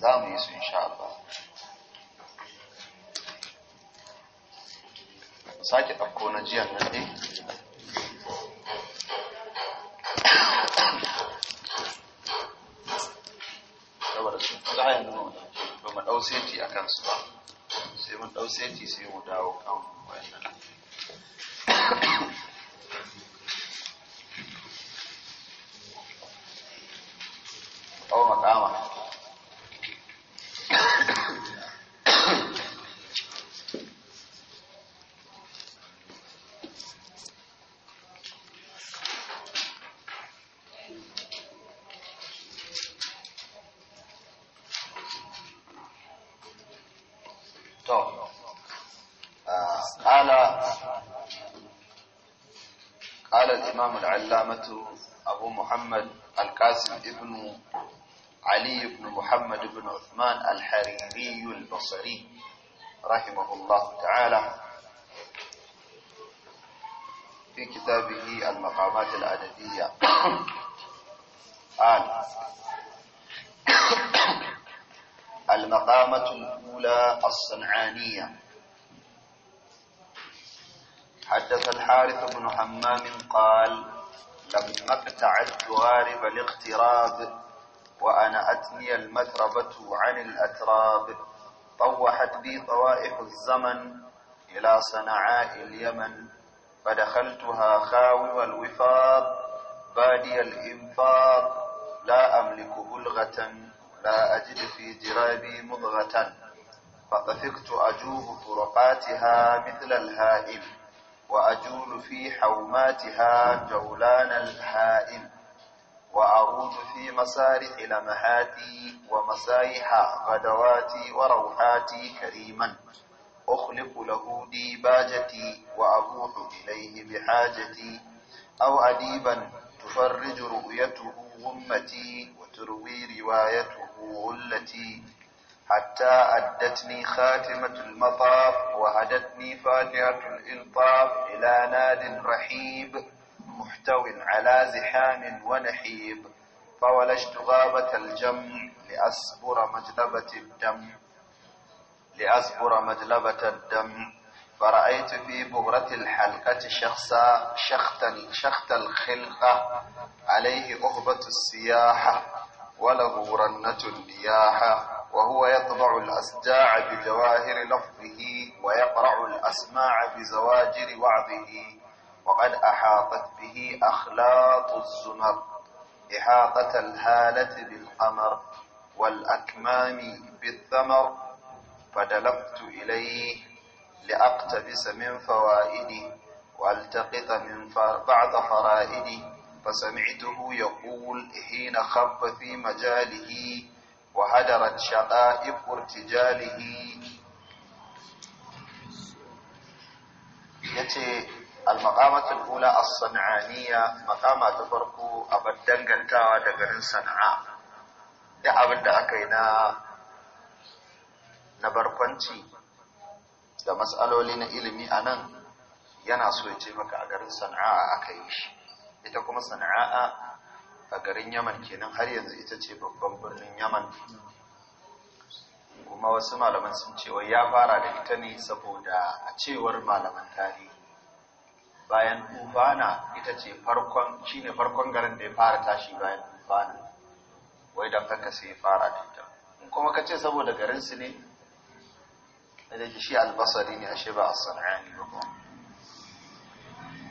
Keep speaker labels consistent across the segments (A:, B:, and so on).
A: za mu yi su insha Allah sake ɗauko na jiyan nan ne saboda sun fi zayen nuna ba mu ɗau seti a kansu ba sai mun ɗau seti sai mu dawo kan Oh, my God. ابن علي بن محمد بن عثمان الحريري البصري رحمه الله تعالى في كتابه المقامات الأدبية قال المقامة الأولى الصنعانية حدث الحارث بن حمام قال لم أقطع الجوارب الاغتراب وأنا أتني المتربة عن الأتراب طوحت بي طوائف الزمن إلى صنعاء اليمن فدخلتها خاوي الوفاض بادي الإنفاض لا أملك بلغة لا أجد في جرابي مضغة فطفقت أجوب طرقاتها مثل الهائم وأجول في حوماتها جولان الحائل وأعود في مسارح لمهاتي ومسايح غدواتي وروحاتي كريما أخلق له ديباجتي وأبوح إليه بحاجتي أو أديبا تفرج رؤيته غمتي وتروي روايته غلتي حتى أدتني خاتمة المطاف وهدتني فاتحة الإلطاف إلى ناد رحيب محتو على زحام ونحيب فولجت غابة الجمع لأصبر مجلبة الدم لأصبر مجلبة الدم فرأيت في بغرة الحلقة شخصا شخت شخت الخلقة عليه أهبة السياحة وله رنة النياحة وهو يطبع الأسجاع بجواهر لفظه ويقرع الأسماع بزواجر وعظه وقد أحاطت به أخلاط الزمر إحاطة الهالة بالقمر والأكمام بالثمر فدلفت إليه لأقتبس من فوائده والتقط من بعض فرائدي فسمعته يقول حين خب في مجاله وهدرت شقائق ارتجاله yace al-maqamatul ula as-san'aniya maqama ta farko a dangantawa da garin Sana'a da abin da aka yi na barkwanci da matsaloli na ilimi a nan yana so ya ce maka a garin Sana'a aka yi shi ita kuma Sana'a a garin yaman kenan har yanzu ita ce babban birnin yaman kuma wasu malaman sun ce wai ya fara da ita ne saboda a cewar malaman tarihi bayan tufana ita ce farkon shine farkon garin da ya fara tashi bayan tufana wai da kanka sai ya fara da ita kuma ka ce saboda garin su ne da shi albasari ne ashe ba as-sanani ba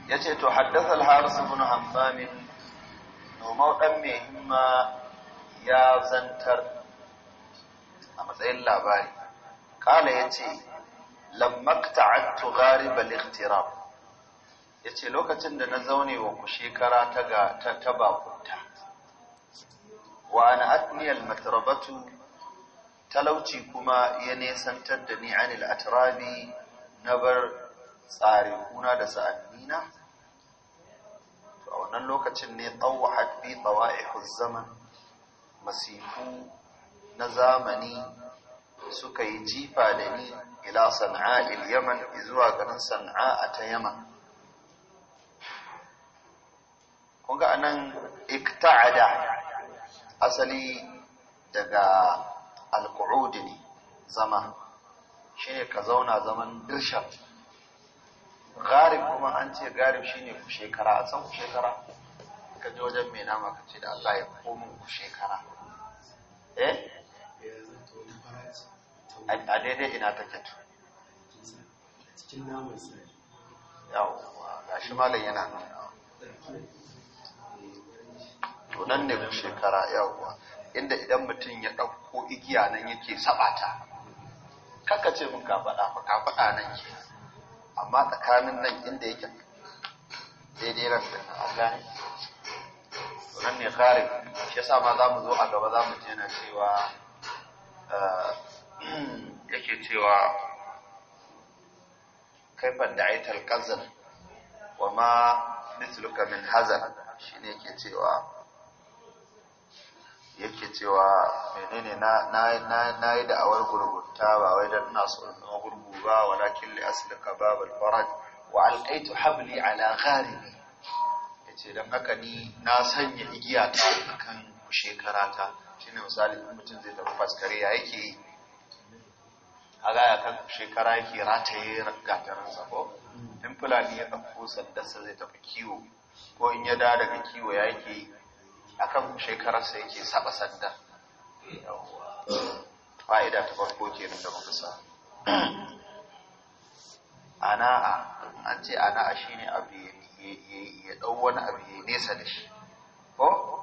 A: Ya ce to haddasa al-haris ibn hammam nomau ɗan mai himma ya zantar a matsayin labari kala ya ce lammakta attu gariba liktirab ya ce lokacin da na zaune wa ku shekara ta bakunta. wa ana atniyal matarabatu talauci kuma ya nesantar da ni anil atirabi na bar tsare kuna da sa'adina? a wannan lokacin ne tsawahat bi tsawa'ihuz zaman masifu na zamani suka yi jifa da ni ila sana'a il yaman zuwa garin sana'a a ta yaman kunga anan ikta'ada asali daga alku'udi ne zama shine ka zauna zaman dirshan garib kuma an ce garib shine ku shekara a san ku shekara ka je wajen mai nama ka ce da Allah ya komin ku shekara eh a daidai ina take to
B: cikin namun sai
A: yawwa shi malam yana nuna to nan ne ku shekara yawwa inda idan mutum ya ɗauko igiya nan yake sabata kaka ce mun ka faɗa fa ka faɗa nan ke amma tsakanin nan inda yake daidai rasta an gane nan ne kare shi yasa ma za mu zo a gaba za mu je na cewa eh, yake cewa kaifan da aitar kazan wa ma mithluka min hazan shine yake cewa yake cewa menene na na na yi da'awar gurgunta ba wai dan ina so in zama gurgu ba walakin li aslaka babal faraj wa alqaitu habli ala gharibi yace dan haka ni na sanya igiya ta kan shekara ta shine misali in mutum zai tafi faskare ya yake yi ya kan shekara yake rataye gatarin sa ko in fulani ya dauko sandarsa zai tafi kiwo ko in ya da daga kiwo ya yake akan shekararsa yake saba sadda fa’ida ta farko ke nuna muka sa ana’a an ce ana’a shi ne abu ya ɗau wani abu ya nesa da shi ko?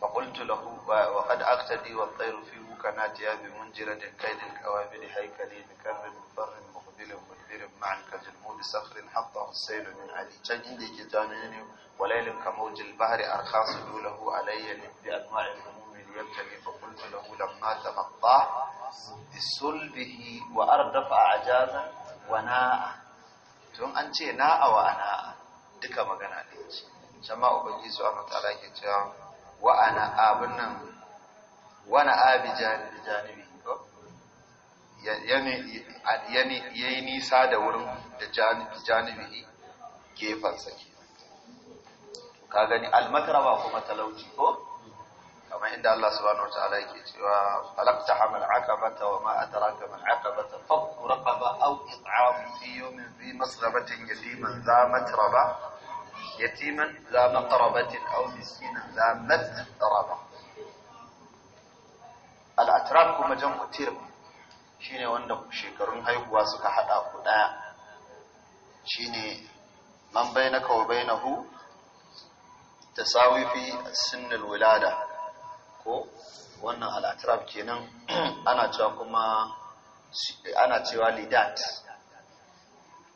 A: faƙultu lahu wa ƙad aktadi wa tsayarufi wuka na tiyabi mun jira da kai kawabi da haikali da karnin farin ma'an ka safrin hatta husayl min ali can inda yake ta menene walailin kamaujil bahri arkhasu lahu alayya bi anwa'il humumi yabtali fa qultu lahu lamma bi sulbihi wa ardafa ajazan wa na'a an ce na'a wa ana'a duka magana ke cewa wa abun nan wa na abi ya yi nisa da wurin da janibihi gefensa ke ka gani almakaraba kuma talauci ko kamar inda Allah subhanahu wa ta'ala yake cewa falaqta hamal aqabata wa ma adraka mal aqabata fakku raqaba aw it'am fi yawmin fi masrabatin yatiman za matraba yatiman za maqrabatin aw miskinan za matraba al atrab kuma jam'u tirba shine wanda shekarun haihuwa suka hada ku daya shine man bainaka wa bainahu tasawi fi sinnil wulada. ko wannan al'atrab kenan ana cewa kuma ana cewa lidat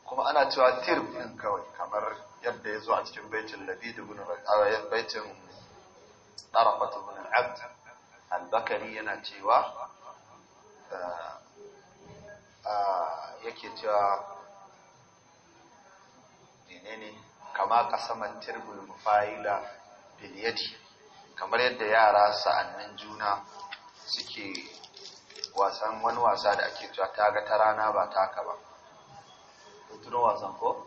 A: kuma ana cewa tirb din kawai kamar yadda ya zo a cikin baitin gunu ibn baitin tarafat ibn abd al-bakari yana cewa eh, yake cewa menene kama kasaman tirbul mufaila biliyati yadi kamar yadda yara sa'annin juna suke wasan wani wasa da ake cewa ta ga ta rana ba ta ka ba tuno wasan ko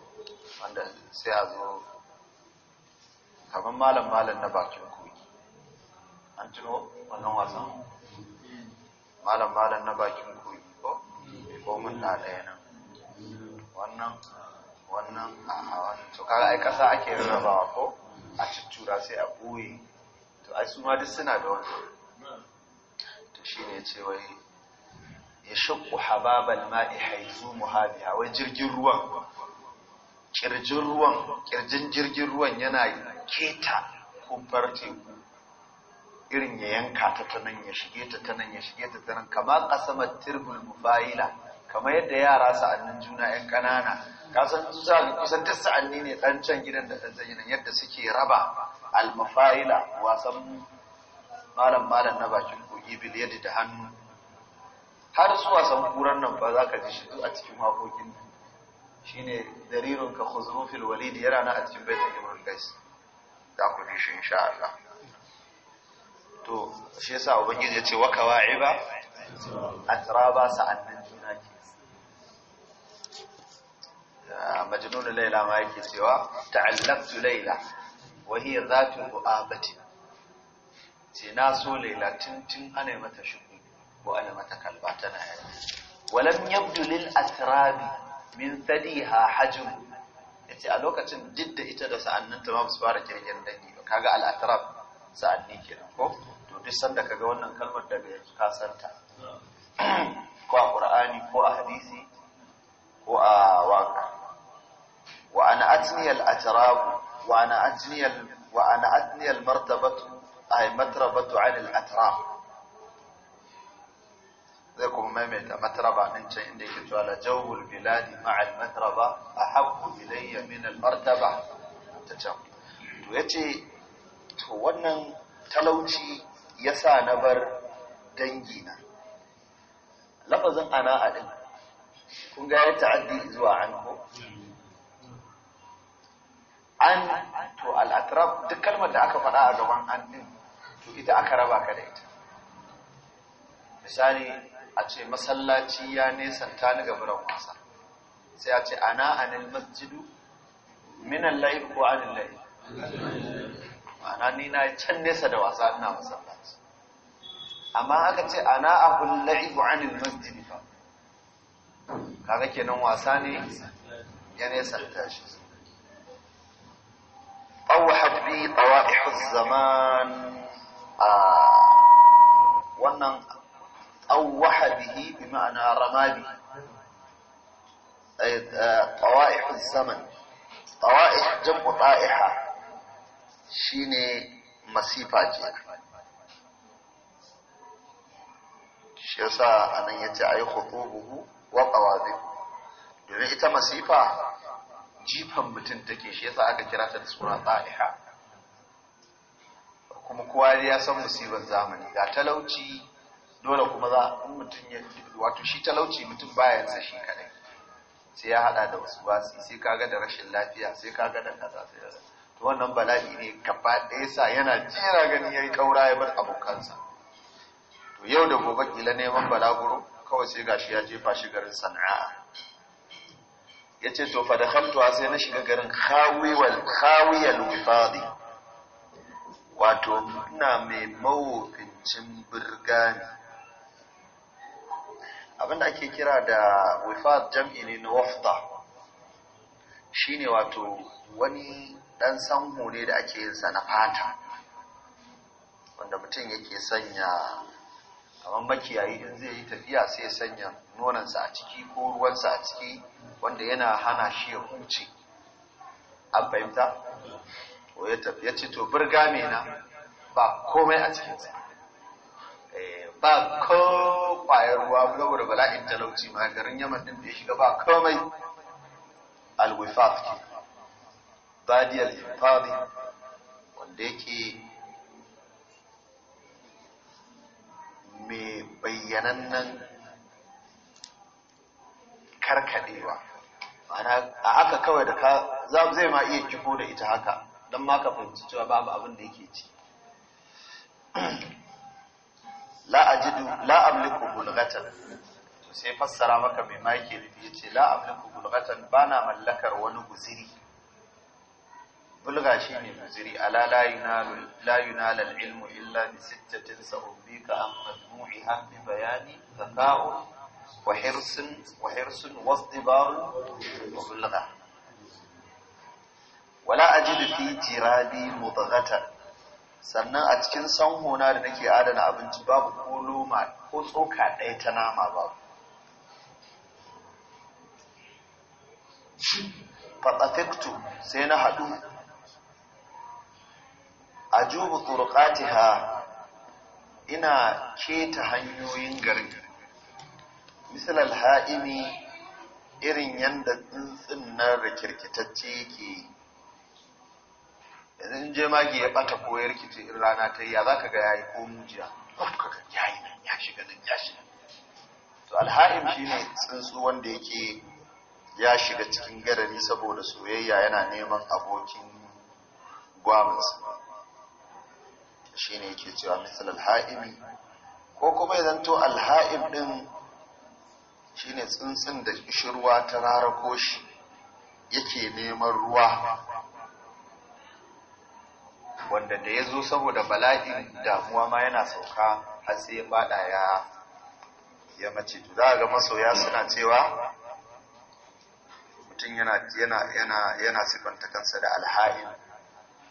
A: wanda sai a zo kamar malam malam na bakin kogi an tuno wannan wasan malam malam na bakin kogi ko mulla ɗaya nan wannan wannan a wannan to kaga ai ƙasa ake rarrabawa ko a cuttura sai a ɓoye to ai su ma duk suna da wannan to shine ce wai ya shakku hababal ma'i haizu muhabiha wai jirgin ruwan kirjin ruwan kirjin jirgin ruwan yana keta kumfar teku irin ya yanka ta ta nan ya shige ta ta nan ya shige ta ta nan kama kasamar tirbul mufaila kamar yadda yara sa'annin juna yan ƙanana kasan za kusan duk sa'anni ne ɗan can gidan da ɗan gidan yadda suke raba almafaila wasan malam malam na bakin kogi biliyar da hannu
B: har su wasan
A: kuran nan za ka ji shi a cikin makokin ne darirun ka khuzrufil walidi yana na a cikin baitul imar gais da ku ne shi insha Allah to shi yasa ubangiji ya ce wa kawaiba atraba sa'annin juna ke majnun laila ma yake cewa ta'allaqtu laila wa hiya zatu du'abati ce na so laila tun tun ana mata shuku ko ana mata kalba tana yi walam yabdu lil asrabi min sadiha hajm yace a lokacin didda ita da sa'anninta ma su fara kirkin dangi kaga al asrab sa'anni kenan ko to duk sanda kaga wannan kalmar daga yanzu ka santa ko a qur'ani ko a hadisi ko a waka وانا اتني الاتراب وانا اتني وانا اتني المرتبه اي مترابه عن الاتراب لكم ما مت مترابه انت عندك على جو البلاد مع المترابه احب الي من المرتبه تتجو تو يتي تو wannan talauci yasa na bar dangina lafazin ana adin kun an to al'atraf duk kalmar da aka faɗa a gaban an ɗin to ita aka raba ka da ita misali a ce masallaci ya ta ni gaburan wasa sai a ce ana anil masjidu minan la'ib ko anil la'ib ma'ana ni na can nesa da wasa ina masallaci amma aka ce ana abul la'ibu anil masjidi ka kaga kenan wasa ne ya nesa tashi littafi qawa'ihuz zaman ah, wannan awwaha bihi bi ma'ana ramabi qawa'ihuz eh, eh, zaman qawa'ih jam'u qa'iha shine masifa ce shi yasa anan yace ayi khutubuhu wa qawabihu
B: domin ita masifa
A: jifan mutum take shi yasa aka kira ta da suna tsariha kuma kowa ya san musibar zamani ga talauci dole kuma za a mutum ya wato shi talauci mutum baya yansa shi kadai sai ya hada da wasu wasi sai kaga da rashin lafiya sai kaga da kaza sai da to wannan bala'i ne gaba ɗaya sa yana jera gani yayi kaura ya bar abokansa to yau da gobe kila neman balaguro kawai sai gashi ya jefa shi garin sana'a yace to fa da dakhaltu sai na shiga garin khawiyal khawiyal wifadi wato Muna mai mawofincin birgani abinda ake kira da wifat jam'i ne na wafta shine wato wani ɗan sanhu ne da ake yin sa na fata wanda mutum yake sanya kamar makiyayi in zai yi tafiya sai sanya nonansa a ciki ko ruwansa a ciki wanda yana hana shi ya huce an fahimta ya ya ce to birgame na ba komai a cikinsa eh, ba ko kwayar ruwa saboda bala'in talauci ma garin yaman din da ya shiga ba komai alwifafki ke badiyar infadi wanda yake mai bayyanannan karkadewa ma'ana a haka kawai da ka zai ma iya kiko da ita haka don ma ka fahimci cewa babu abin da yake ci la ajidu la amliku bulghatan sai fassara maka mai ma yake yace la amliku bulghatan na mallakar wani guziri bulga shine guziri ala la yunalu la ilmu illa bi sittatin sa'ubika am madmu'iha bi bayani zaka'u
B: wa hirsun
A: wa hirsun wa bulghah wala ajidu fi jirabi mudghatan sannan a cikin sanhona da nake adana abinci babu ko loma ko tsoka ɗaya ta nama babu fatafektu sai na haɗu a jubu ina keta hanyoyin garin misal alha'imi irin yadda tsuntsun nan rikirkitacce yake in je magi ya bata koyar kici in rana ta yi ya za ka ga yi, ko mujiya ya yi nan ya shiga nan ya shiga to alha'im shine tsuntsu wanda yake ya shiga cikin gadari saboda soyayya yana neman abokin gwamnati. shi ne yake cewa misal alha'imi ko kuma idan to alha'im din shine tsuntsun da shirwa ta rarako shi yake neman ruwa wanda da ya zo saboda bala'in damuwa ma yana sauka har sai ya fada ya ya mace to za a ga masoya suna cewa mutum yana yana yana yana sifanta kansa da alha'in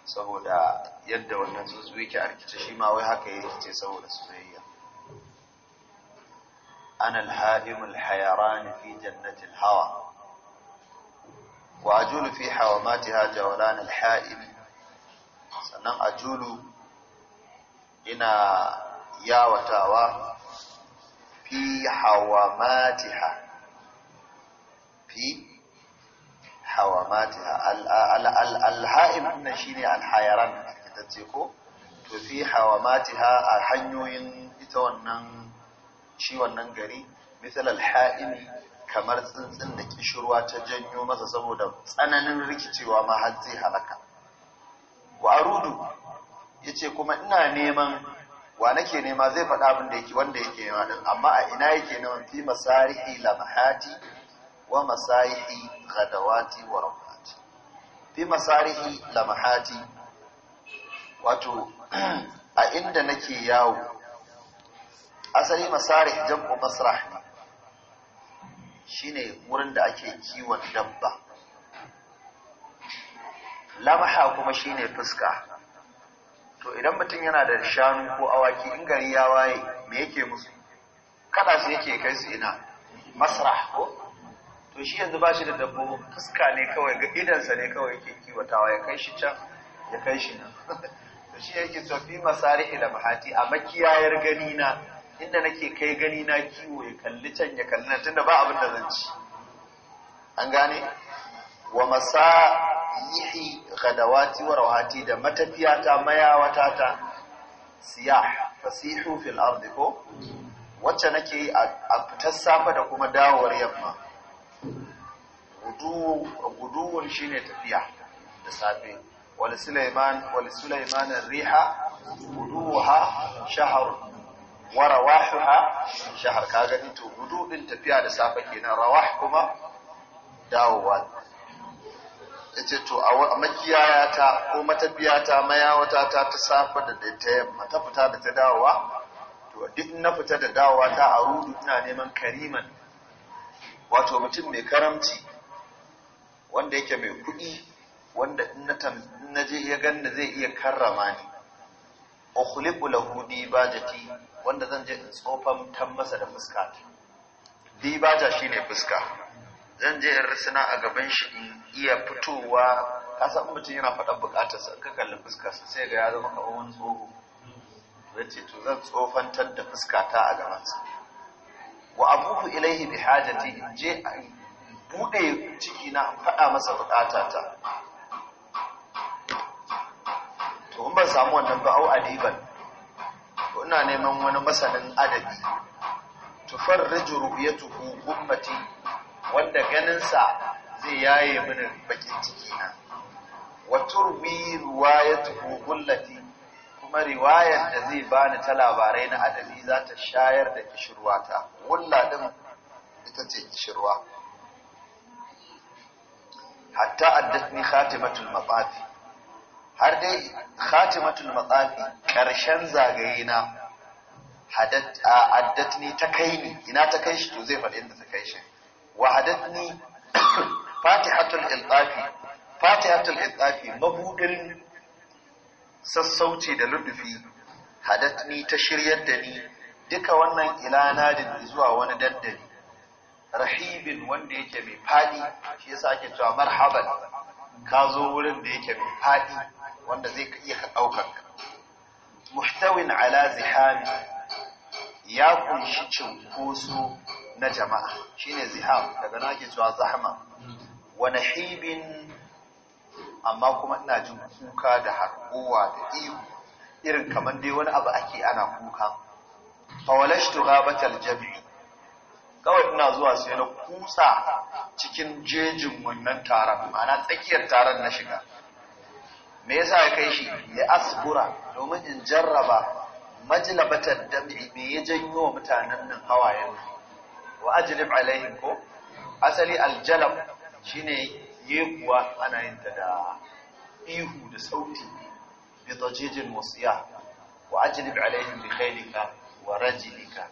A: saboda yadda wannan zuzu yake arkice shi ma wai haka yake ce saboda soyayya ana alha'im hayaran fi jannatil hawa wa ajulu fi hawamatiha jawlan alha'im sannan a julu ina yawatawa fi hawamatiha fi hawamatiha alha'im nan shine alhayaran ce ko to fi hawamatiha a hanyoyin ita wannan shi wannan gari misal alha'imi kamar tsuntsun da kishirwa ta janyo masa saboda tsananin rikicewa ma har zai halaka wa arudu yace kuma ina neman wa nake nema zai faɗa abin da yake wanda yake nema din amma a ina yake neman fi masarihi lamahati wa masarihi ghadawati wa rawati fi masarihi lamahati wato a inda nake yawo asali masarihi jam'u masrah ne shine wurin da ake kiwon dabba lamaha kuma shine fuska to idan mutum yana da shanu ko awaki in gari ya waye me yake musu kada su yake kai su ina masrah ko to shi yanzu ba shi da dabbobin fuska ne kawai ga idansa ne kawai yake kiwatawa ya kai shi can ya kai shi nan to shi yake fi masari ila mahati a makiyayar gani na inda nake kai gani na kiwo ya kalli can ya kalli nan tunda ba abin da zan ci an gane wa masa yihi gadawati wa rawati da matafiyata ta siyah fasihu fil ardi ko wacce nake yi a fitar safa da kuma dawowar yamma guduwun shine tafiya da safe wal sulaiman wal sulaiman riha guduwa shahr wa rawahuha shahr kaga to gudu din tafiya da safe kenan rawah kuma dawowa ya ce to a makiyaya ta ko matafiya mayawata ta ta safa da ta yamma ta fita da ta dawowa to duk na fita da dawowa ta a rudu ina neman kariman wato mutum mai karamci wanda yake mai kuɗi wanda in na je ya ganda zai iya karrama ni ukhliqu lahu dibajati wanda zan je in tsofan tan masa da fuska dibaja shine fuska zan je in risina a gaban shi in iya fitowa ka san mutum yana faɗan bukatar in ka kalli sa sai ga ya zama kamar wani tsoho zai to zan tsofantar da fuskata a gabansa wa abuhu ilaihi bi hajati in je a buɗe ciki na in faɗa masa ta to mun ban samu wannan ba au adiban to ina neman wani masanin adabi tufarriju ru'yatuhu ummati wanda ganinsa
B: zai yaye mini
A: bakin ciki na wa turwi kuma riwayar da zai bani ta labarai na adabi za ta shayar da ta, wulla din ita ce kishirwa hatta addatni khatimatul maqati har dai khatimatul maqati karshen zagaye na addatni ta kai ni ina ta kai shi to zai faɗi inda ta kai shi wahadatni fatihatul iltafi fatihatul iltafi mabudin sassauci da ludufi hadatni ta shiryar da ni duka wannan ila nadin zuwa wani daddare rahibin wanda yake mai fadi shi yasa ake cewa marhaban ka zo wurin da yake mai fadi wanda zai iya ka daukar muhtawin ala zihami ya kunshi cinkoso na jama'a shine ziham daga na ake cewa zahma wani nahibin amma kuma ina jin kuka da harkowa da ihu irin kamar dai wani abu ake ana kuka fawalashtu ghabatal jami'i kawai ina zuwa sai na kusa cikin jejin wannan taron ma'ana tsakiyar taron na shiga
B: me yasa ya kai shi
A: ya asbura domin in jarraba majlabatar dami me ya janyo wa mutanen nan hawayen nan wa ajlib alaihim ko asali aljalab shine yekuwa ana yin ta da ihu da sauti bi tajijin wasiya wa ajlib alaihim bi khaylika wa rajlika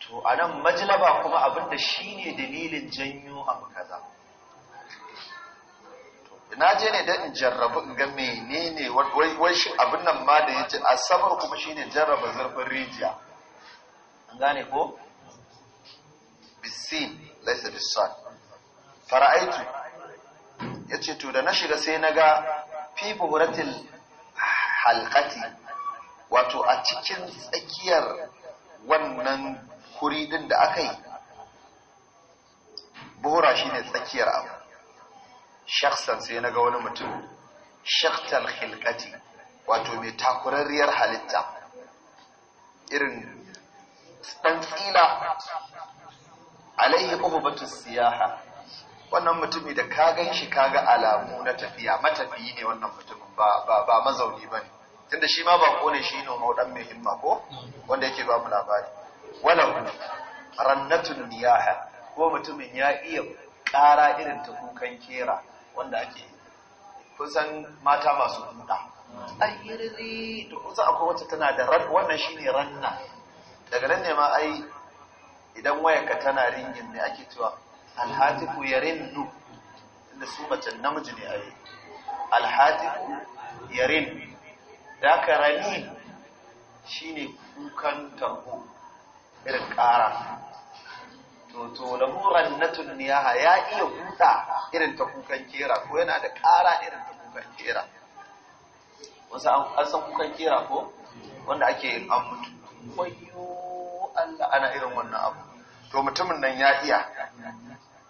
A: to anan majlaba kuma abinda shine dalilin janyo abu kaza na je ne don in jarrabu in ga menene wai shi abin nan ma da yace asabar kuma shine jarraba zarfin rijiya an gane ko bisin laisa bisan fara'aitu ya ce to da na shiga sai naga ga fi buhuratil halkati wato a cikin tsakiyar wannan kuri din da aka yi buhura shine tsakiyar abu shakhsan sai naga wani mutum shaktal hilkati wato mai takurarriyar halitta irin ɗan alaihi uhubatu siyaha wannan mutumi da ka gan shi ka ga alamu na tafiya matafiyi ne wannan mutumin ba ba ba mazauni bane tunda shi ma ba kone shi ne maudan mai himma ko wanda yake ba mu labari wala rannatun niyaha ko mutumin ya iya kara irin ta kukan kera wanda ake kusan mata masu kuka ayyirri to kusan akwai wacce tana da wannan shine ranna daga nan ne ma ai idan ka tana ringin ne ake cewa alhatiku ya rindu inda su mace namiji ne a yi alhatiku ya rindu da aka rani shi ne kukan tarho irin ƙara to da buran na tuniyaha ya iya huta irin ta kukan kera ko yana da ƙara irin ta kukan kera wasu an san kukan kera ko wanda ake yin an mutu Allah ana irin wannan abu to mutumin nan ya iya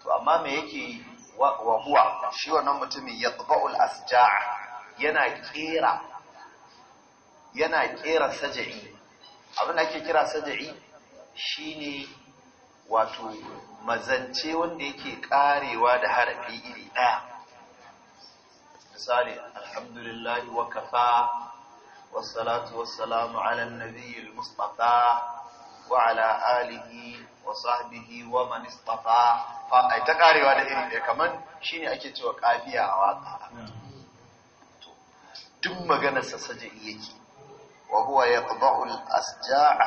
A: to amma me yake wa huwa shi wannan mutumin tsaba'ul asja'a yana kera yana kera saja'i abin da ake kira saja'i shine wato mazance wanda yake karewa da harafi iri daya misali alhamdulillahi wa kafa والصلاة والسلام على النبي المصطفى وعلى آله وصحبه ومن اصطفى فأي تقاري وانا إيه كمان شيني أكي توا قافية عواقع دم مغنس سجئيك وهو يقضع الأسجاع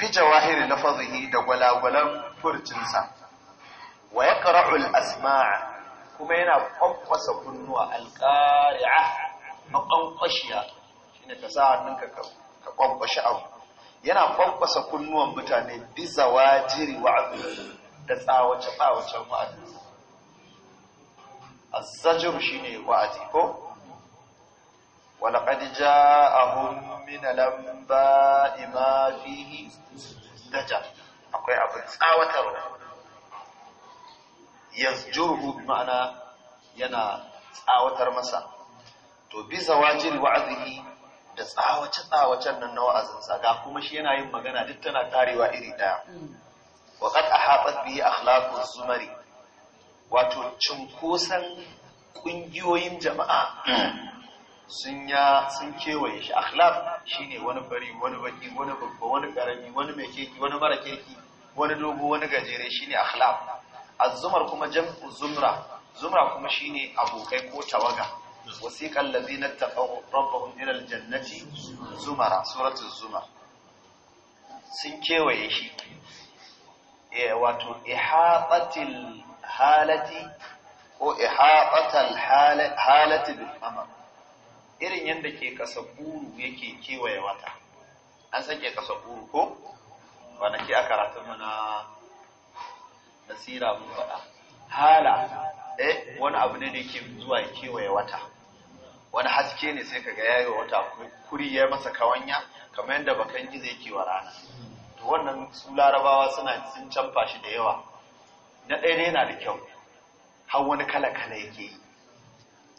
A: بجواهر لفظه دولا ولا فرجنسا ويقرع الأسماع كما ينا قنقص كنوا القارعة مقنقشية شيني تساعد منك كوي ka kwamfashi abu yana kwamfasa kunnuwan mutane bizawa jiri abu da tsawace a zajiru azzajiru ne wa'adi ko wala qad ja'ahum min lamba ima fihi daja akwai abin tsawatarwa ya bi ma'ana yana tsawatar masa to bisa wajiri wa'adihi da tsawace tsawacen nan na wa’azin tsaga kuma shi yana yin magana duk tana tarewa iri ɗaya wa haɓar biyu a halakun zumari wato cinkosan ƙungiyoyin jama'a sun ya sun kewaye shi shi ne wani fari wani baki wani babba wani ƙarami, wani mai keki wani mara keki wani dogo wani gajere shi shine akhlaq A zumar kuma jam'u zumra zumra kuma ne abokai ko tawaga wasiqa allazina taqaw rabbahum ila aljannati zumara suratul zumar sun kewaye shi wato ihatatil halati ko ihatatal halati bin amal irin yadda ke kasa buru yake kewaye wata an sake kasa buru ko kwanaki a karatun mana nasira mun faɗa hala eh wani abu ne da ke zuwa kewaye wata wani haske ne sai kaga yayi wata kuri ya masa kawanya kamar yadda bakan gizo yake wa rana to wannan su larabawa suna sun canfa shi da yawa na ɗaya ne yana da kyau har wani kala kala yake yi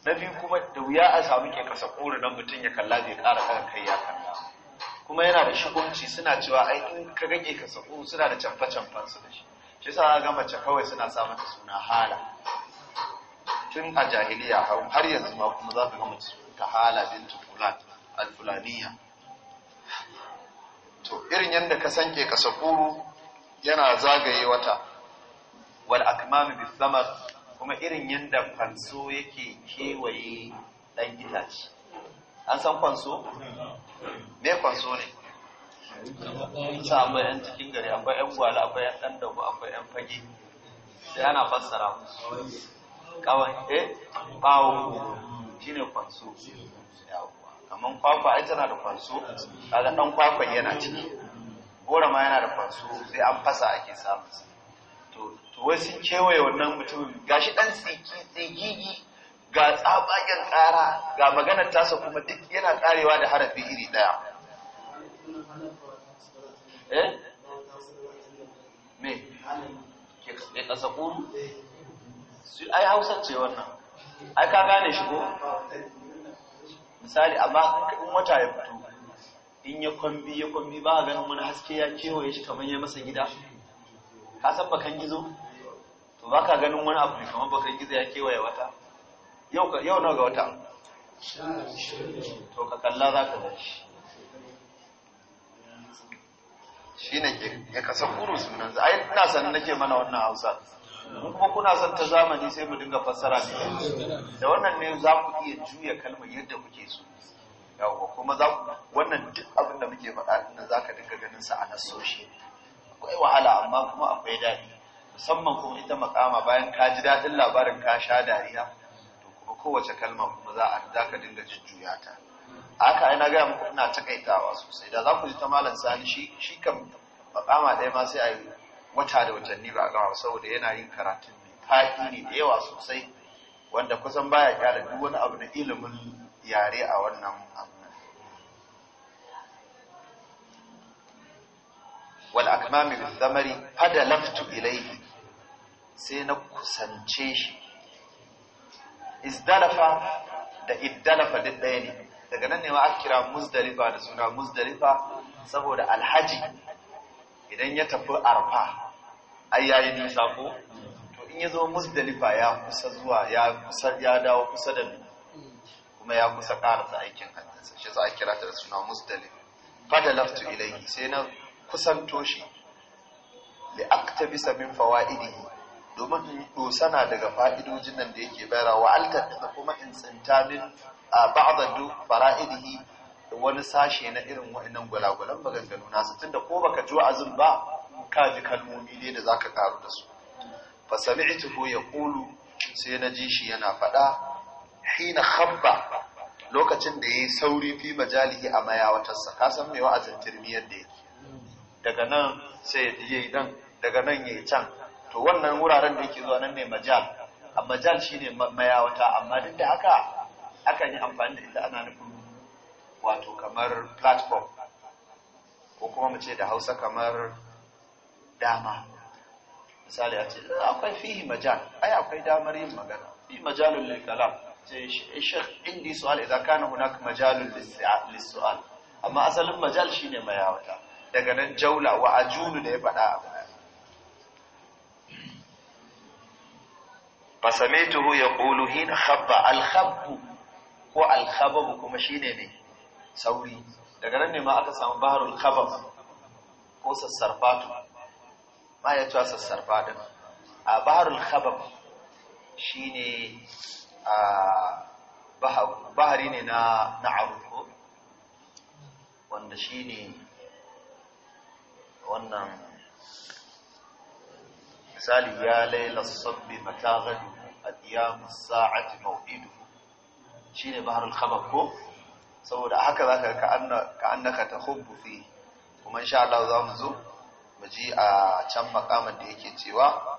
A: na biyu kuma da wuya a samu ke kasa kore nan mutum ya kalla zai ƙara kan kai ya kalla kuma yana da shigonci suna cewa ai in ka gage kasa suna da canfa canfansu da shi shi yasa ga mace kawai suna sa mata suna hala tun a jahiliya har yanzu ma kuma za ka gama ka hala bintu Al-fulaniya? to irin yadda ka sanke ka sakuru
B: yana zagaye wata
A: wal akmam bi thamar kuma irin yadda fanso yake kewaye dan itace an san fanso me fanso ne sa akwai yan cikin gari akwai yan gwala akwai yan dandago akwai yan fage sai ana fassara musu kawai eh bawo shine kwanso kaman kwakwa ai tana da kwanso kaga dan kwakwan yana ciki gora ma yana da kwanso sai an fasa ake samu to to wai sun kewaye wannan mutumin gashi dan tsiki tsigigi ga tsabagen tsara, ga maganar tasa kuma duk yana karewa da harafi iri daya eh me ke kasa kuru ai hausar ce wannan ai ka gane shi ko misali amma in wata ya fito in ya kwambi ya kwambi ba a ganin wani haske ya kewaye shi kamar ya masa gida ka san bakan gizo to ba ka ganin wani abu ne kamar bakan gizo ya kewaye wata yau nawa ga wata to ka kalla za ka zai shi ne ke ya kasa kuru sunan ai ina sanin nake mana wannan hausa in kuma kuna son ta zamani sai mu dinga fassara ne da wannan ne za ku iya juya kalmar yadda kuke so yawwa kuma za ku wannan duk abin da muke faɗa din za ka dinga ganin sa a nasoshi akwai wahala amma kuma akwai daɗi musamman kuma ita makama bayan ka ji daɗin labarin ka sha dariya to kuma kowace kalma kuma za a za ka dinga jujjuya ta haka ina gaya muku ina takaitawa sosai da za ku ji ta malam sani shi shi kan makama ɗaya ma sai a wata da watanni ba a gama saboda yana yin karatun mai faɗi ne da yawa sosai wanda kusan baya kyara duk wani abu na ilimin yare a wannan abu wal akmami bil zamari fada laftu ilayhi sai na kusance shi izdalafa da iddalafa duk ɗaya ne daga nan ne ma aka kira muzdalifa da suna muzdalifa saboda alhaji idan ya tafi arfa ai yayi nisa ko to in ya zo musdalifa ya kusa zuwa ya kusa ya dawo kusa da kuma ya kusa karasa aikin hajjinsa shi za a kira ta da suna musdalif fada laftu ilayhi sai na kusanto shi li aktabi min fawaidihi domin in dosana daga fa'idojin nan da yake bayarwa wa da kuma in tsinta min ba'dadu fara'idihi wani sashe na irin wa'annan gwalagwalan maganganu nasu tunda ko baka ji wa'azin ba ka ji kalmomi ne da zaka karu da su fa sami'tuhu yaqulu sai na ji shi yana faɗa hina khabba lokacin da yayi sauri fi majalihi a mayawatarsa ka san me wa'azin tirmiyar da yake daga nan sai ya yi idan, daga nan yayi can to wannan wuraren da yake zuwa nan ne majal a majal shine mayawata amma duk da haka akan yi amfani da ita ana nufin wato kamar platform ko kuma mu ce da Hausa kamar dama misali a ce akwai fihi majal ai akwai damar yin magana fi majalul lil kalam sai eh, shekh indi su'al idan kana hunaka majalul lis su'al amma asalin majal shine mayawata daga nan jaula wa ajunu da ya faɗa a baya fasamituhu yaqulu hin khabba al khabbu ko al khababu kuma shine ne sauri daga nan ne ma aka samu baharul khabab ko sassarfatu ma sassarfa din a baharul khabab shine a bahari ne na na aruko wanda shine wannan misali ya laila sabbi mataghadu adiyamu sa'ati maw'idu shine baharul khabab ko saboda haka zaka ka annaka ta hubu kuma insha Allah za mu zo ji a can makaman da yake cewa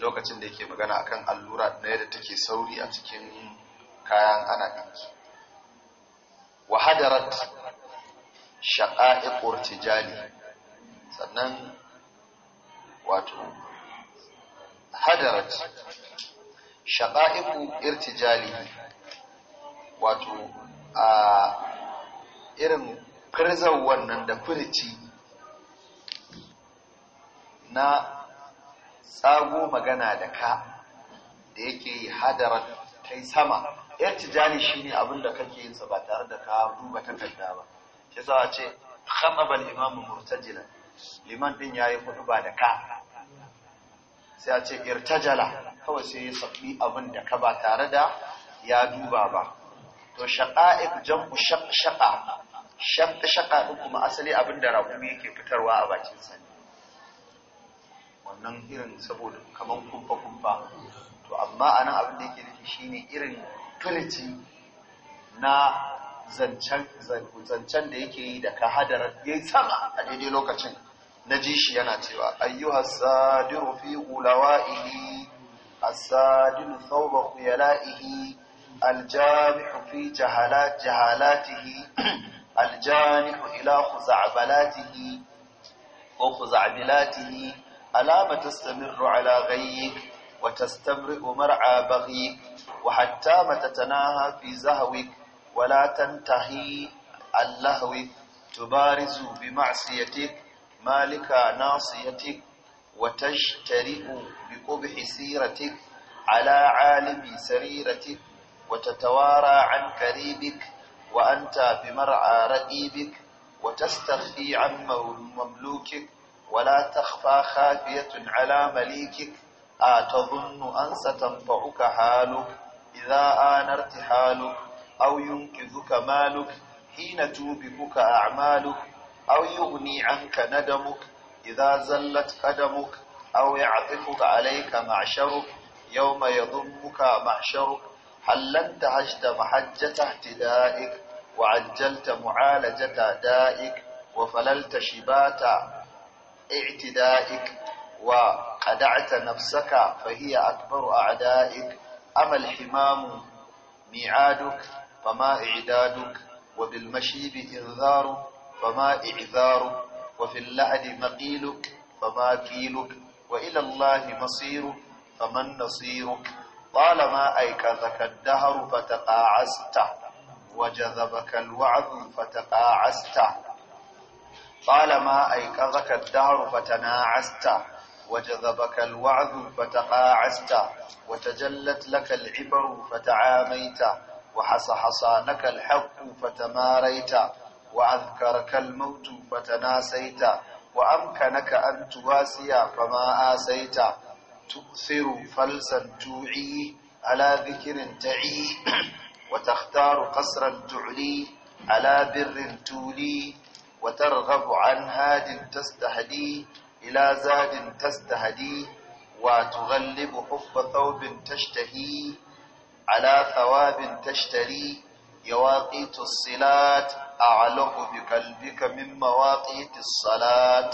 A: lokacin da yake magana akan allura na yadda take sauri a cikin kayan ana ɗinki wa hadarat shaqa'iqur tijali sannan wato hadarat shaqa'iqu irtijali wato a irin firzar wannan da firci na tsago magana da ka da yake yi hadarar kai sama yar tijani shine abin da kake yin sa ba tare da ka duba takarda ba shi yasa ce khatabal imamu murtajila liman din yi hudu ba da ka sai a ce irtajala kawai sai ya sabbi abin da ka ba tare da ya duba ba to shaqa'iq jam'u shaqqa shaqqa shaqqa kuma asali abin da rakumi yake fitarwa a bakin Sani. wannan irin saboda kaman kumfa-kumfa to amma a nan abin da yake nufi shine irin turici na zancen da yake yi da ka ya yi sama a daidai lokacin na ji shi yana cewa ayyuha sadiru fi gulawa'ihi as-sadiru thawba khuyala'ihi al fi jahalat jahalatihi al ila khuza'balatihi wa khuza'bilatihi ألا تستمر على غيك وتستمرئ مرعى بغيك وحتى ما تتناهى في زهوك ولا تنتهي عن لهوك تبارز بمعصيتك مالك ناصيتك وتجترئ بقبح سيرتك على عالم سريرتك وتتوارى عن كريبك وأنت بمرعى رئيبك وتستخفي عن مملوكك ولا تخفى خافية على مليكك أتظن آه، أن ستنفعك حالك إذا آنرت حالك أو ينقذك مالك حين توبكك أعمالك أو يغني عنك ندمك إذا زلت قدمك أو يعطفك عليك معشرك يوم يضمك معشرك هل انتهجت محجة اهتدائك وعجلت معالجة دائك وفللت شباتا اعتدائك وخدعت نفسك فهي أكبر أعدائك أما الحمام ميعادك فما إعدادك وبالمشيب إنذار فما إعذار وفي اللعن مقيلك فما كيلك وإلى الله مصيرك فمن نصيرك طالما أيقظك الدهر فتقاعست وجذبك الوعظ فتقاعست طالما أيقظك الدار فتناعست وجذبك الوعظ فتقاعست وتجلت لك العبر فتعاميت وحصحصانك الحق فتماريت وأذكرك الموت فتناسيت وأمكنك أن تواسي فما آسيت تؤثر فلسا توعي على ذكر تعي وتختار قصرا تعلي على بر توليه وترغب عن هاد تستهديه إلى زاد تستهديه وتغلب حب ثوب تشتهي على ثواب تشتري يواقيت الصلات أعلق بقلبك من مواقيت الصلاة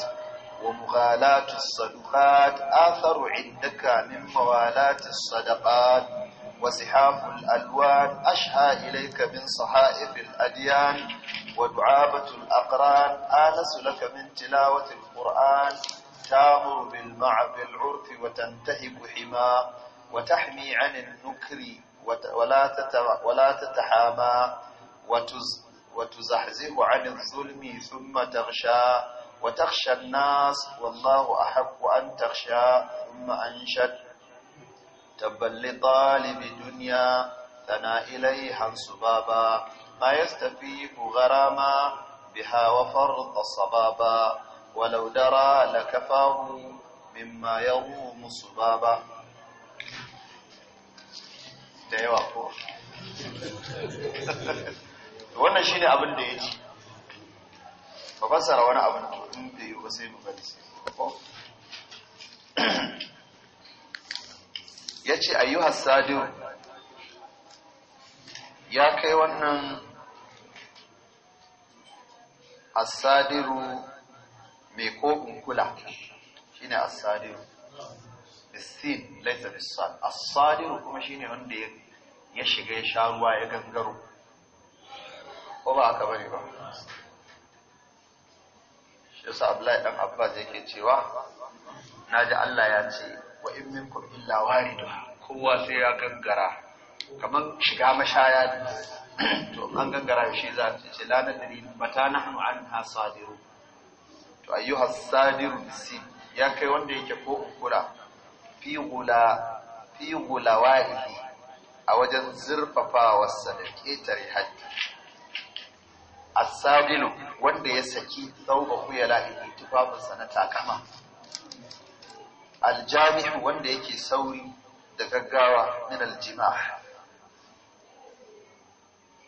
A: ومغالاة الصدقات آثر عندك من موالات الصدقات وزحاف الألوان أشهى إليك من صحائف الأديان ودعابة الأقران آنس لك من تلاوة القرآن تامر بالعرف وتنتهب حما وتحمي عن النكر ولا ولا تتحامى وتزحزه عن الظلم ثم تغشى وتخشى الناس والله أحق أن تخشى ثم أنشد تبا لطالب دنيا ثنى إليها سبابا ما يستفيف غراما بها وفرط الصبابا ولو درى لكفاه مما يروم صبابا da yawa ko wannan shine abin da yake ba fassara wani abin da in da yi sai mu bari ko yace ayyuhas sadir ya kai wannan asadiru mai ko kula ne asadiru bisin laisa bisan asadiru kuma shi ne wanda ya shiga ya sha ruwa ya gangaro ko ba aka bari ba shi yasa ɗan dan Abbas yake cewa Na ji Allah ya ce wa in illa da kowa sai ya gangara kamar shiga mashaya da. to an gangara shi za ta ce lana la nadri mata nahnu anha sadiru to ayyuha sadiru bisi ya kai wanda yake ko kura fi gula fi a wajen zurfafawa sadaketar A Sadiru, wanda ya saki tsauba kuya ihi tufafinsa na takama aljami'u wanda yake sauri da gaggawa min aljima'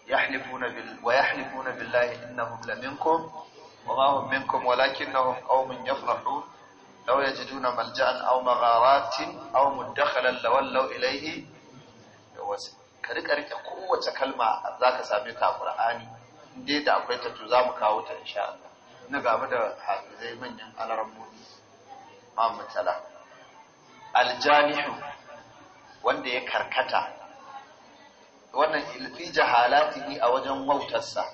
A: يحلفون بال... ويحلفون بالله إنهم لمنكم وما هم منكم ولكنهم قوم يفرحون لو يجدون ملجأ أو مغارات أو مدخلا لولوا إليه ka rika rike kowace kalma za ka same ta Qur'ani indai da akwai ta to za kawo ta insha Allah na da hafizai manyan alarambobi aljanihu wanda ya karkata wannan fi jahalatihi a wajen wautarsa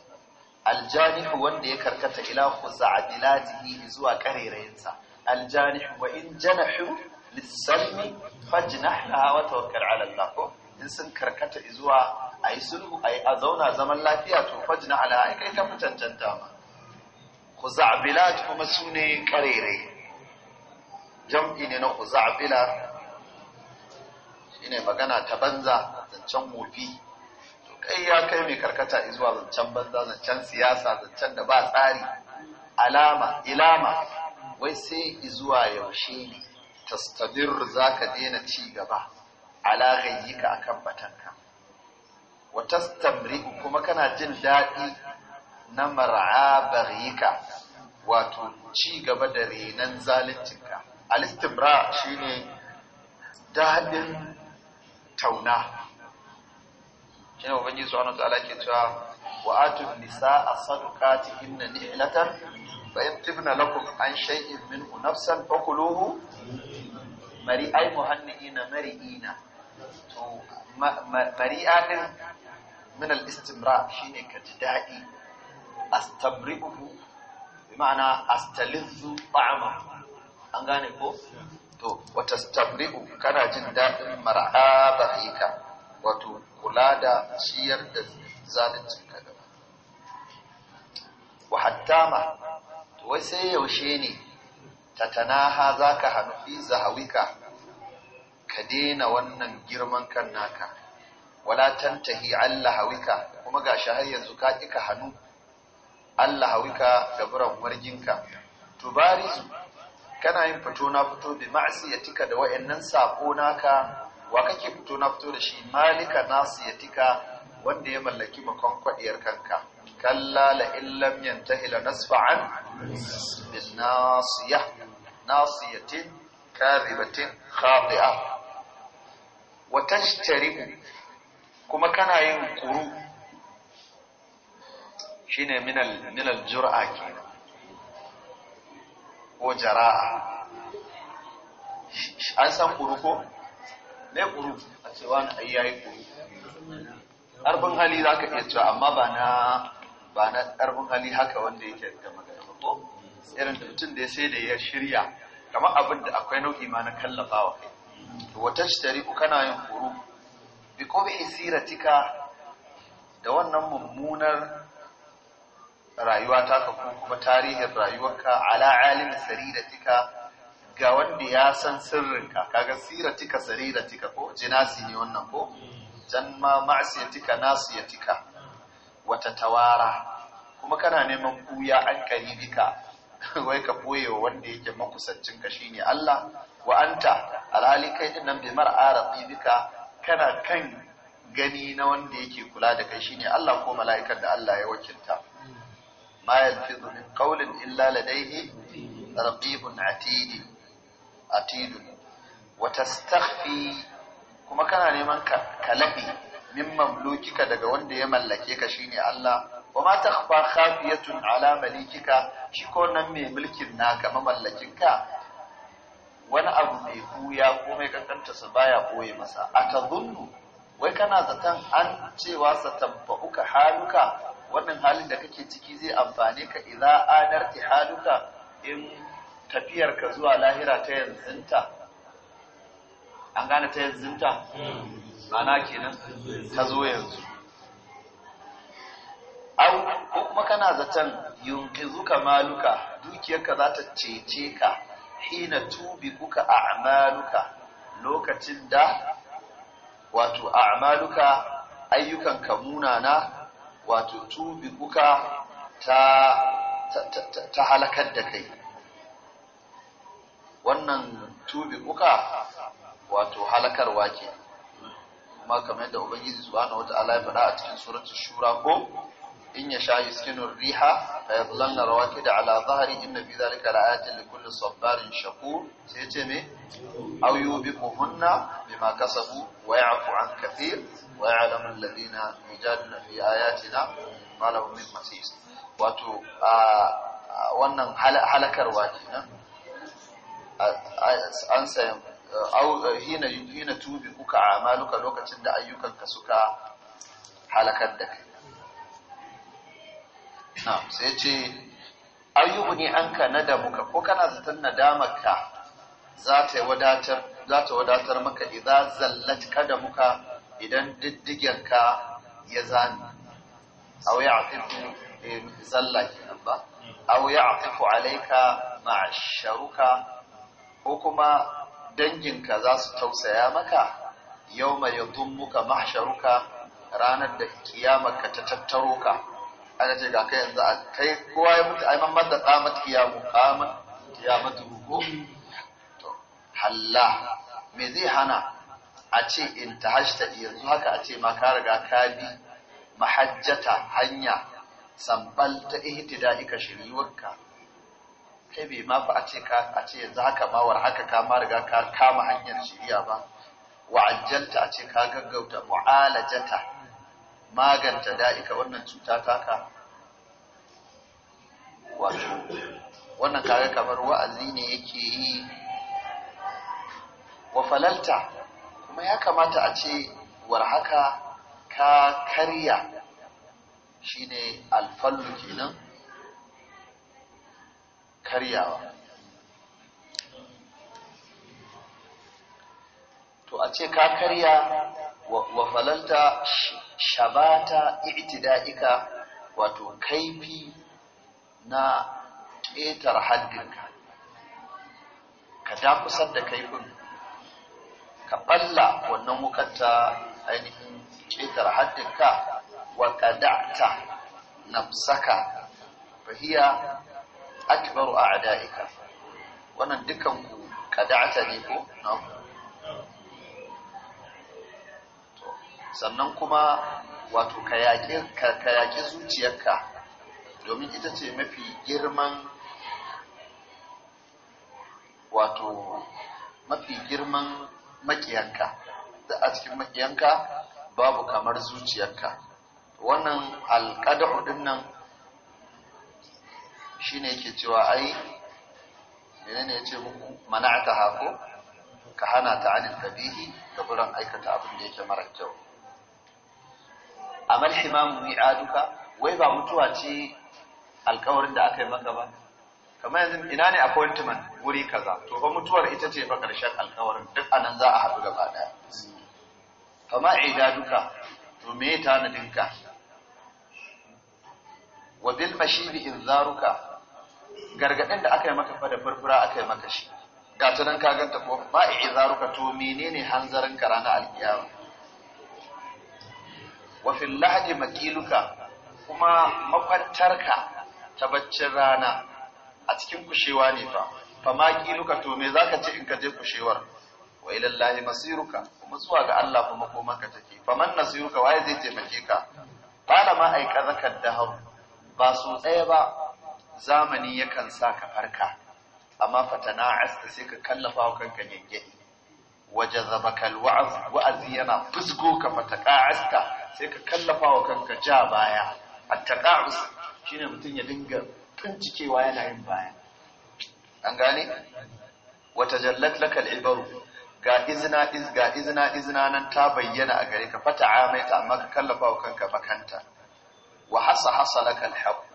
A: aljanihu wanda ya karkata ila khuza'ilatihi zuwa karerayinsa aljanihu wa in janahu lissalmi fajnahha wa tawakkal ala Allah in sun karkata zuwa ayi sulhu ayi a zauna zaman lafiya to fajna ala ai kai ka fitancanta ma khuza'bilat kuma sune karerai jam'i ne na khuza'bila shine magana ta banza zancen mofi kai ya kai mai karkata zuwa zancen banza zancen siyasa zancen da ba tsari alama ilama wai sai izuwa yaushe ne tastabir za ka daina ci gaba ala ka akan batanka wata tastamri kuma kana jin daɗi na mar'a ka, wato ci gaba da renan zaluncinka al shi ne daɗin tauna shine ne ubangiji subhanahu wataala ke cewa wa atu nisaa ni nihlatan fa in tibna lakum an shay'in minhu nafsan fakuluhu mari'ai mari mari'ina to mari'a din min al-istimra shine ka ji dadi astabri'uhu bi ma'ana astalizzu ta'ama an gane ko to wata stabri'u kana jin dadin mar'a ka. wato kula da ciyar da zalincin ka gaba wa hattama to wai sai yaushe ne tatanaha zaka hanu fi zahawika ka daina wannan girman kan naka wala tantahi Allah hawika kuma shi har yanzu ka kika hannu Allah hawika da buran warginka tubarizu kana yin fito na fito bi ma'siyatika da wayannan sako naka wa kake fito na fito da shi malika tika wanda ya mallaki makon kwaɗiyar kanka kalla la illam yantahi la nasfa'an bin nasiyah nasiyatin kadhibatin khati'a wa tajtaribu kuma kana yin kuru shine minal minal jur'a kenan ko jara'a an san kuru ko na ƙuru a cewa na ai yi ƙuru ƙarfin hali za ka iya cewa amma ba na ƙarfin hali haka wanda yake da magana ba ko irin mutum da ya sai da ya shirya Kama abin da akwai nau'i ma na kallafawa wata tari ku kana yin ƙuru bi ko bi isiratika da wannan mummunar rayuwa ta ko kuma tarihin rayuwarka ala da sariratika ga wanda ya san sirrinka kaga sarira tika ko jinasi ne wannan ko can ma tika ya tika wata tawara kuma kana neman buya an bika wai ka boye wa wanda yake makusancin ka shine Allah wa anta alhali kai din nan bi mar'a bika kana kan gani na wanda yake kula da kai shine Allah ko mala'ikan da Allah ya wakilta ma yalfidu min qawlin illa ladayhi raqibun atidi atidun wata stakfi kuma kana neman ka laɓe min mamlukika daga wanda ya mallake ka shine Allah wa ma takhfa khafiyatun ala malikika shi ko nan mai mulkin naka mamallakin ka wani abu mai buya ko mai kankanta su baya boye masa a zunnu wai kana zaton an cewa tabba'uka haluka wannan halin da kake ciki zai amfane ka idza adarti haluka in Tafiyarka zuwa lahira ta yanzunta an gane ta yanzunta mana kenan ta zo yanzu au kuma kana zaton yunqizu kamaluka dukiyarka za ta cece ka hina tubi kuka a a'maluka lokacin da wato a a'maluka ayyukan ka munana wato tubi kuka ta, ta halakar da kai wannan tubi uka wato halakarwa ke kuma kamar yadda ubangiji subhanahu wata'ala ya faɗa a cikin suratul shura ko in ya sha yuskinu riha fa yadhlanna rawakida ala zahri inna fi dhalika la'ayatin li kulli sabarin shakur sai ce me aw yubiquhunna bima kasabu wa ya'fu an kathir wa ya'lamu alladhina yujadiluna fi ayatina ma lahum min wato wannan halakarwa kenan an sayan hina hina tubi kuka amaluka lokacin da ayyukanka suka halakar da kai na'am sai ce ayyuhu anka an ka nadamuka ko kana zatan nadamarka za ta wadatar za wadatar maka idan zallat kada muka idan diddigenka ya zani aw ya'tifu eh, zalla kenan ba aw ya'tifu alayka ma'asharuka ko kuma danginka za su tausaya maka yau mai muka mahsharuka ranar da kiyamarka ta tattaro ka aka ce ga kai yanzu a kai kowa ya mutu aiman man da tsamat kiyamu kiyamar kiyamatu ruko halla me zai hana a ce in ta hashta yanzu haka a ce ma ka riga ka bi mahajjata hanya sambal ta ihtidaika shiryuwarka kai bai ma fa a ce ka a ce yanzu haka ma war haka ka ma riga ka kama hanyar shiriya ba wa ajjanta a ce ka gaggauta mu'alajata maganta da'ika wannan cuta taka wato wannan kaga kamar wa'azi ne yake yi wa falalta kuma ya kamata a ce war haka ka karya shine alfallu kenan karyawa to a ce ka karya wa falalta shabata itida'ika wato kaifi na ƙetar haddinka ka dakusar da kaifin ka balla wannan wukanta ainihin ƙetar haddinka wa ƙada'ta nafsaka fahiya akbaru a'da'ika wannan dukan ku kada'ata ne ko sannan kuma wato ka yaƙi zuciyarka domin ita ce mafi girman wato mafi girman makiyanka da a cikin makiyanka babu kamar zuciyarka wannan alƙadar din nan ne yake cewa ai menene yace muku mana'ata hako ka hana ta anin qabihi da buran aikata abin da yake mara kyau amal himamu aduka? wai ba mutuwa ce alkawarin da aka yi maka ba kamar yanzu ina ne appointment wuri kaza to ba mutuwar ita ce ba karshen alkawarin duk anan za a haɗu gaba daya kama idaduka to me tanadinka wa bil mashibi zaruka. gargaɗin da aka yi maka fada da furfura aka yi maka shi ga tunan ka ganta ko ba zaruka to menene hanzarin ka ranar alkiyawa wa fil lahdi makiluka kuma makwantarka ta baccin rana a cikin kushewa ne fa fa makiluka to me zaka ci in ka je kushewar wa ila lahi masiruka kuma zuwa ga Allah kuma ka take fa man nasiruka waye zai taimake ka da ma ai kazakar dahar ba su tsaye ba zamani yakan sa ka farka amma fatana asta sai ka kallafa wa kanka gyangyani waje zabakal wa'azi yana fusgo ka fataka asta sai ka kallafa wa kanka ja baya attaqa'us shine mutum ya dinga bincikewa yana yin baya an gane wata lakal ibaru ga izina iz ga izina izina nan ta bayyana a gare ka fata amaita amma ka kallafa wa kanka makanta wa hasa hasa lakal haqq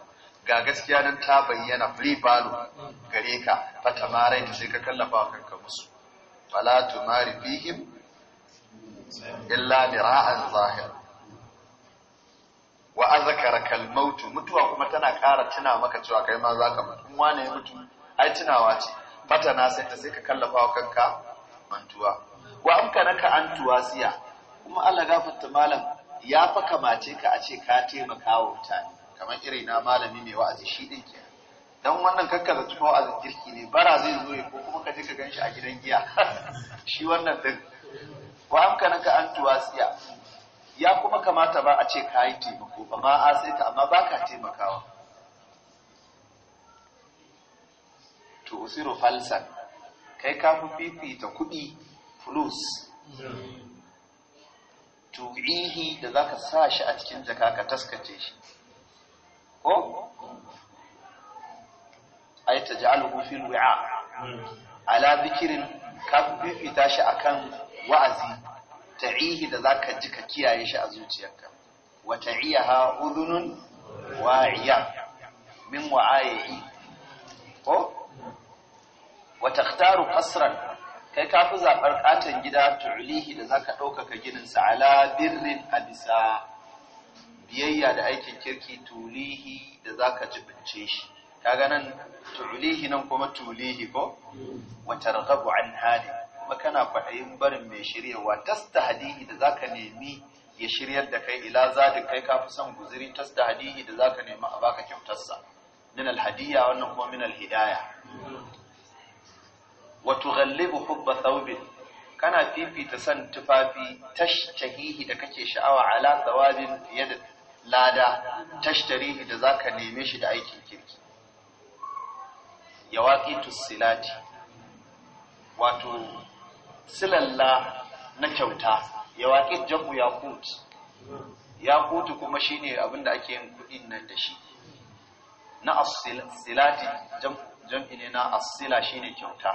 A: ga gaskiya nan ta bayyana free value gare ka ta tamarai ta sai ka kallafa kanka musu fala tumari fihim illa mira'an zahir wa azkara kal maut mutuwa kuma tana ƙara tuna maka cewa kai ma zaka mutu in wane ya mutu ai tunawa ce fata na sai ta sai ka kallafa kanka mantuwa wa amkanaka an tuwasiya kuma Allah gafarta malam ya fa kamace ka a ce ka taimaka wa mutane kamar irin na malami mai wa'azi shi din ke dan wannan kakkaza tufa wa'azi kirki ne bara zai zo ya ko kuma ka je ka ganshi a gidan giya shi wannan din wa amkana ka an tuwasiya ya kuma kamata ba a ce ka kayi taimako ba ma a sai ta amma ka taimakawa to usiru falsan kai ka fi fifita kuɗi fulus hmm. tu'ihi da zaka sa shi a cikin jaka ka taskace shi ko ai taj'aluhu fil wi'a ala zikirin ka fifita shi akan wa'azi ta'ihi da zaka ji ka kiyaye shi a zuciyarka wa ta'iyaha udhunun wa'iya min wa'ayi ko wa takhtaru qasran kai ka fi zabar katan gida tu'lihi da zaka ka ginin sa ala birrin abisa biyayya da aikin kirki tulihi da zaka jibince shi kaga nan tulihi nan kuma tulihi ko Wata targhabu an hali. kuma kana kwaɗayin barin mai shiryawa tastahdihi da zaka nemi ya shiryar da kai ila zadin kai ka fi son guziri Tas da zaka nemi a baka kyautarsa min alhadiya wannan kuma min alhidaya wa tughallibu hubba thawbin kana fifita son tufafi tashtahihi da kake sha'awa ala thawabin fiye da lada tashtarihi da zaka neme shi da aikin kirki yawaqitu silati wato silalla na kyauta yawaqit jabu yaqut yaqut kuma shine abinda ake yin kudin nan da shi na as-silati jam'i ne na as shine kyauta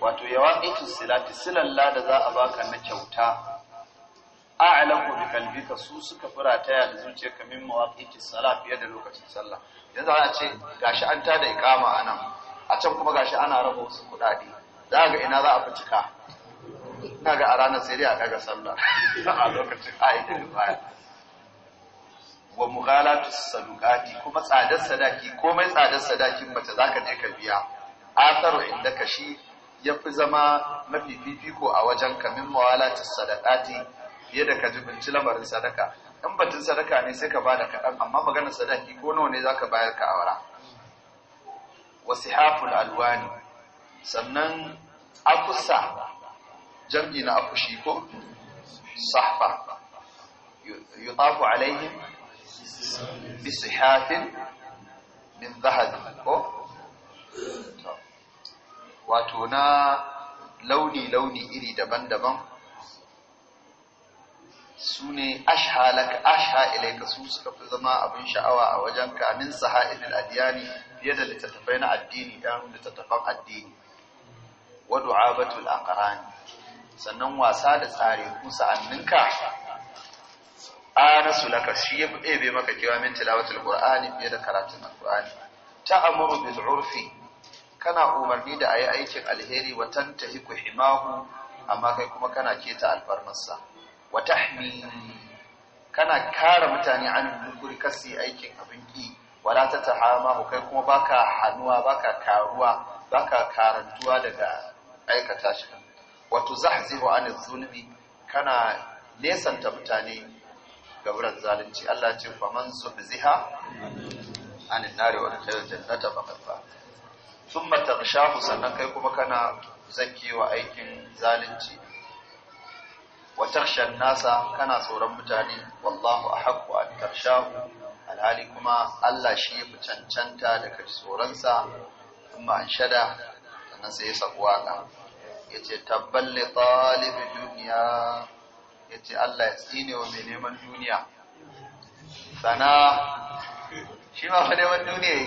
A: wato yawaqitu silati silalla da za a baka na kyauta a'lamu bi qalbika su suka ta ya zuciyarka min mawaqiti salat fiye da lokacin sallah yanzu ana ce gashi an tada iqama anan a can kuma gashi ana raba wasu kudade za ga ina za a fitika ina ga a ranar sai dai a daga sallah a lokacin ayatul baya wa mughalatu sadaqati kuma tsadar sadaki komai tsadar sadakin mace zaka je ka biya asaru inda kashi yafi zama mafi fifiko a wajen kamin mawalatu sadaqati fiye da ka jibinci lamarin sadaka in batun sadaka ne sai ka bada kaɗan amma maganar sadaki ko nawa ne zaka bayar ka awara wasihaful alwani sannan akusa jam'i na akushi ko sahfa yutafu alaihim bisihafin min zahab ko wato na launi-launi iri daban-daban Sune ne asha ilaika su suka fi zama abin sha'awa a wajen kamin saha'ilil adiyani fiye da littattafai na addini ɗan littattafan addini wa du'abatul aqran sannan wasa da tsare ku A nasu laka shi ya bai maka kewa min tilawatul qur'ani fiye da karatun alqur'ani amuru bil urfi kana umarni da ayi aikin alheri wa ku himahu amma kai kuma kana keta alfarmarsa wa tahmi kana kare mutane an dukuri kasi aikin abinki ki wala ta tahama kai kuma baka hanuwa baka karuwa baka karantuwa daga aikata shi wa tuzahzihu an zunubi kana nesanta mutane ga wurin zalunci Allah ce fa man subziha an nari wa khayr jannata faqad fa thumma taghshahu sannan kai kuma kana zakewa aikin zalunci wa takhshan nasa kana tsoron mutane wallahu a an takhshahu alhali kuma Allah shi ya fi cancanta daga tsoronsa kuma an shada sannan sai ya sabu waka yace tabbal li talib dunya yace Allah ya tsine wa mai neman duniya sana shi ma fa neman duniya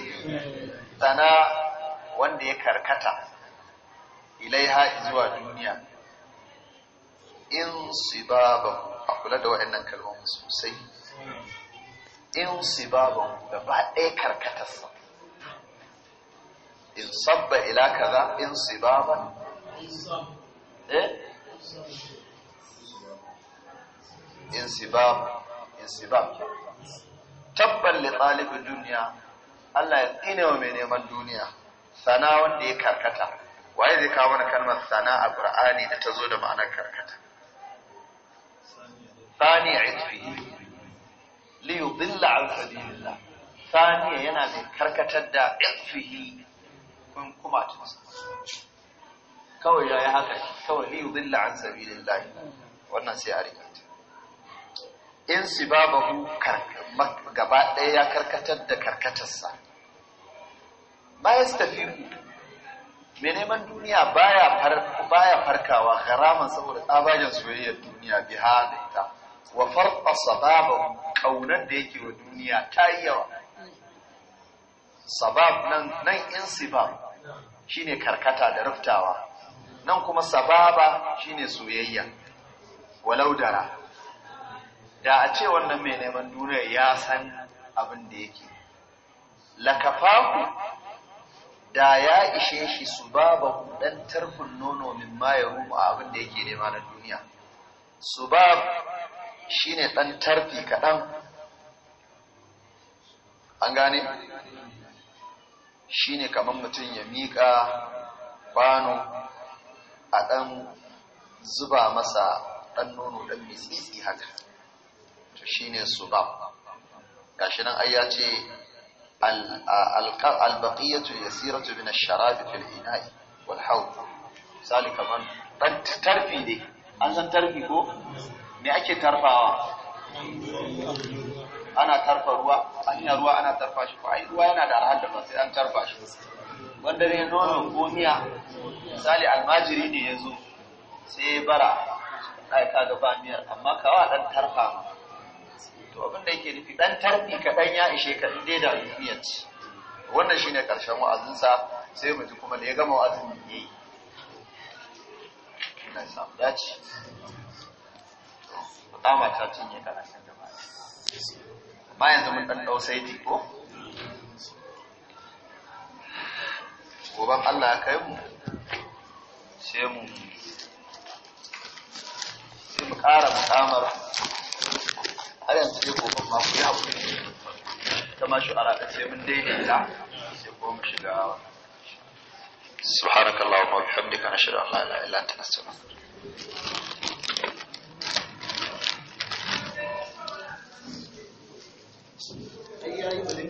A: sana wanda ya karkata ilaiha zuwa duniya in sibaban a kula da wa'annan kalmomi sosai
B: in
A: Da gaba ɗaya karkatarsa in sabba ila kaza in sibaban eh in sibab in sibab tabban li talibin duniya Allah ya tsine wa mai neman duniya sana wanda ya karkata waye zai kawo mana kalmar sana a qur'ani da ta zo da ma'anar karkata ثاني عتبه ليضل عن سبيل الله ثاني yana mai karkatar da عتبه kun kuma ta kawai yayi haka kawai liyudilla an sabilillah wannan sai a rika in ku gaba ɗaya ya karkatar da karkatarsa ba ya stafiru mai neman duniya baya farkawa garaman saboda tsabajen soyayyar duniya biha da ita wa farqa sababin ƙaunar da yake wa duniya ta yi yawa sabab nan nan shi shine karkata da ruftawa nan kuma sababa shine soyayya walau da a ce wannan mai neman duniya ya san abin da yake lakafaku da ya ishe shi su baba dan tarkun nono min ma ya abin da yake nema na duniya su shine ɗan tarfi kaɗan an gane shine kamar mutum ya miƙa bano a ɗan zuba masa ɗan nono ɗan misisi haka to shine subab gashi nan ai ce albaqiyatu yasiratu min ash-sharabi fil ina'i wal hawd kamar ɗan tarfi ne an san tarfi ko me ake tarfawa ana tarfa ruwa hanya ruwa ana tarfa shi ko ai ruwa yana da arhar da ba sai an tarfa shi wanda ne nono ko miya misali almajiri ne ya zo sai bara ai ga ba miyar amma kawa dan tarfa to abin da yake nufi dan tarfi kaɗan ya ishe ka inda da miyar ci wannan shine karshen wa'azin sa sai mu ji kuma da ya gama wa'azin ne yayi ina samu dace tsama ta cinye kalashin gaba ba yanzu mun ɗan ɗau saiti ko goban allah ya kai mu sai mu sai mu ƙara mukamar har yanzu ko ban ma ku ya ku ta shi ara sai mun daidaita sai ko mu shiga wannan سبحانك اللهم وبحمدك نشهد ان لا اله الا انت نستغفرك Thank you.